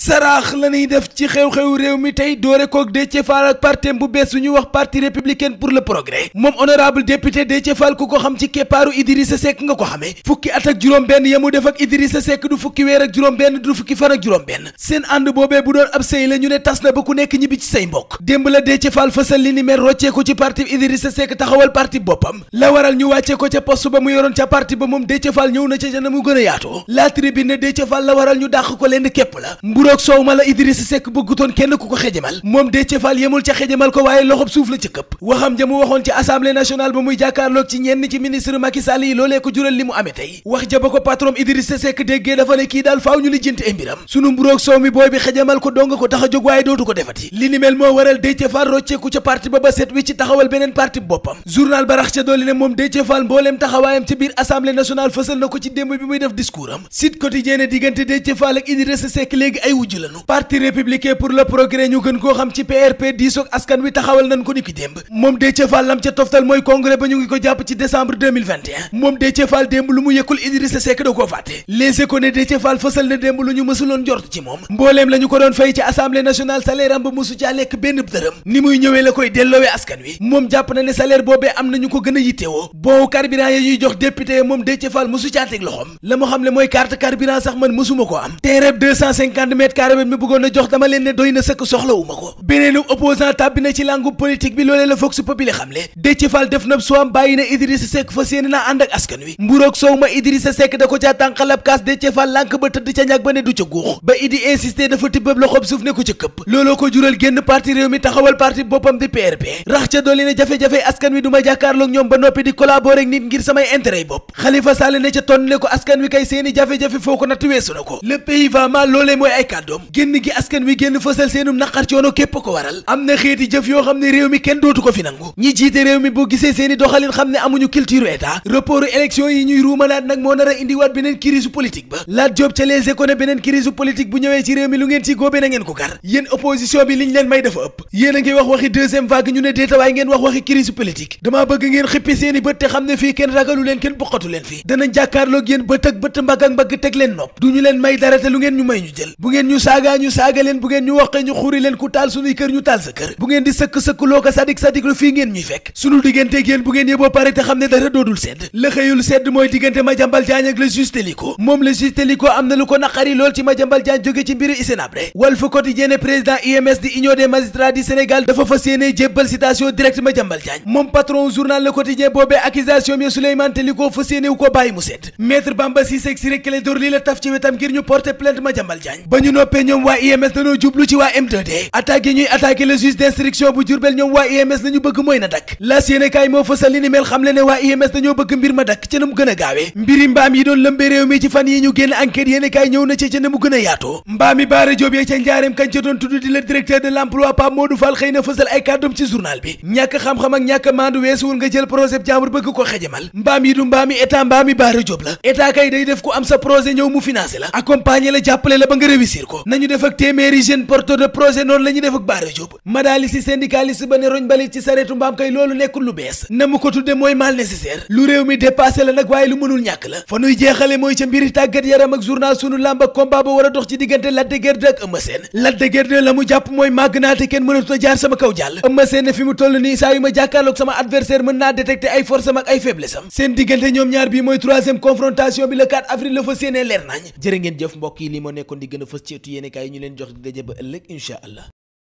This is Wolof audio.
saraax la ñuy def ci xew-xewu réew mi tey doore kook Déthié Fall ak partem bu bees suñu wax parti républicain pour le progrès moom honorable député Déthié Fall ku ko xam ci keppaaru Idrissa Seck nga ko xamee fukki at ak juróom benn yamu def ak Idrissa Seck du fukki weer ak juróom benn du fukki fan ak juróom benn seen ànd boobee bu doon ab sëy la ne tas na ba ku nekk ñibbi ci say mbokk démb la Déthié Fall fësal li ni mel roccee ko ci parti Idrissa Seck taxawal parti boppam la waral ñu wàccee ko ca poste ba mu yoroon ca parti ba moom na ca a yaatoo waral ñu ko lenn képp la mburoog mu waxoon soow mi booy bi xejamal ko dong ko tax a jóg waaye dootu ko defati li ni moo waral Déthié rocceeku ca parti ba ba wi ci taxawal beneen parti boppam journal ba rax ca dolli ne moom Déthié mbooleem taxawaayam ci biir assemblée nationale fësal na ko ci démb bi muy def discours am Sud diggante Déthié Fall ak Idrissa Seck léegi ay wujj parti républicain pour le progrès ñu gën koo xam ci PRP diisoog askan wi taxawal nañ ko ni démb moom Déthié Fall ca toftal mooy congrès ba ñu ngi ko jàpp ci décembre moom Déthié Fall démb lu mu yëkkul Idrissa Seck da koo fàtte Les Échos ne Déthié Fall fësal na démb lu ñu mësuloon njort ci moom mbooleem la ko doon fay ci assemblée nationale salaire ba mësu caa lekk benn dërëm ni muy ñëwee la koy delloowee askan wi moom jàpp na ne salaire boobee am mètre carré bi mu jox dama leen doy na sëkk soxlawuma ko beneenu opposant tàbbi na ci langu politique bi loolee la Vox Populi xamle Déthié Fall def na soam bàyyi na Idrissa Seck fas yéene naa ànd ak askan wi mburoog soow ma Idrissa Seck da ko caa tànqalab kaas Déthié Fall lànk ba tëdd ca ñàkk ba ne du ca guux ba Idi insisté dafa tibbab loxob suuf ne ko ca këpp looloo ko jural génn parti réew mi taxawal parti boppam di PRP rax ca dolli kàddoom génn gi askan wi génn fësal seenum naqar coono képp ko xeeti jëf yoo xam ne réew mi kenn dootu ko fi nangu ñi jiite réew mi boo gisee seeni doxalin xam ne amuñu culture état reportu élection yi ñuy ruumanaat nag moo nar indiwaat beneen crise politique ba laaj job ca les économies beneen crise politique bu ñëwee ci réew mi lu ngeen ci góobe na ngeen ko gar yéen opposition bi liñ leen may dafa ëpp yéen a ngi wax waxi deuxième vague ñu ne déetawaay ngeen wax ngeen ñu saagaa ñu saaga leen bu ngeen ñu waxee ñu xuri leen ku taal suñuy kër la xëyul Téliko moom le juge Téliko am na lu ko naqari lool ci Madiambal Diagne jóge ci mbiru Hissène-Habré Walf Quotidien président UMS di Union des magistrats du Sénégal dafa fas yéene jébbal citation directe Madiambal Diagne moom patron journal Le Quotidien boobee accusation bi Souleymane Téliko fas yéene ko bàyyi mu sedd maître Bamba Cissé ak Ciré Clédor la taf ci wetam ngir ñu porter plainte Madiambal Diagne ñu noppee ñoom waa IMS dañoo jublu ci waa m 2 yi ñuy attaqué le juge d'instruction bu Jurbel ñoom waa IMS la bëgg mooy na dakk laas yéene moo fësal li ni mel xam ne waa IMS dañoo bëgg mbir ma dakk ci na mu gën a gaawee mbiri mbaam yi doon lëmbee réew mi ci fan yi ñu génn enquête yéene ñëw na ci ci na mu gën a yaatoo mbaam yi baara joob yee ca njaareem kañ ca doon tudd di le directeur de l'emploi Pape Modou Fall xëy na fësal ay kàddum réussir ko nañu def ak téeméeri jeune porteur de projet noonu la ñuy def ak Bara Diop ma daali si syndicaliste ba ne roñ balit ci sareetu mbaam kay loolu nekkul lu bees na mu ko tudde mooy mal nécessaire lu réew mi dépassé la nag waaye lu mënul ñàkk la fa nuy jeexale mooy ca mbiri tàggat yaram ak journal sunu làmb ak combat ba war a dox ci diggante Lac de ak Eumeu Sène Lac de la mu jàpp mooy màgg naa kenn mënatu jaar sama kaw jàll Eumeu Sène fi mu toll ceetu yéenekaay yi ñu leen jox di daje ba ëllëg incha allah.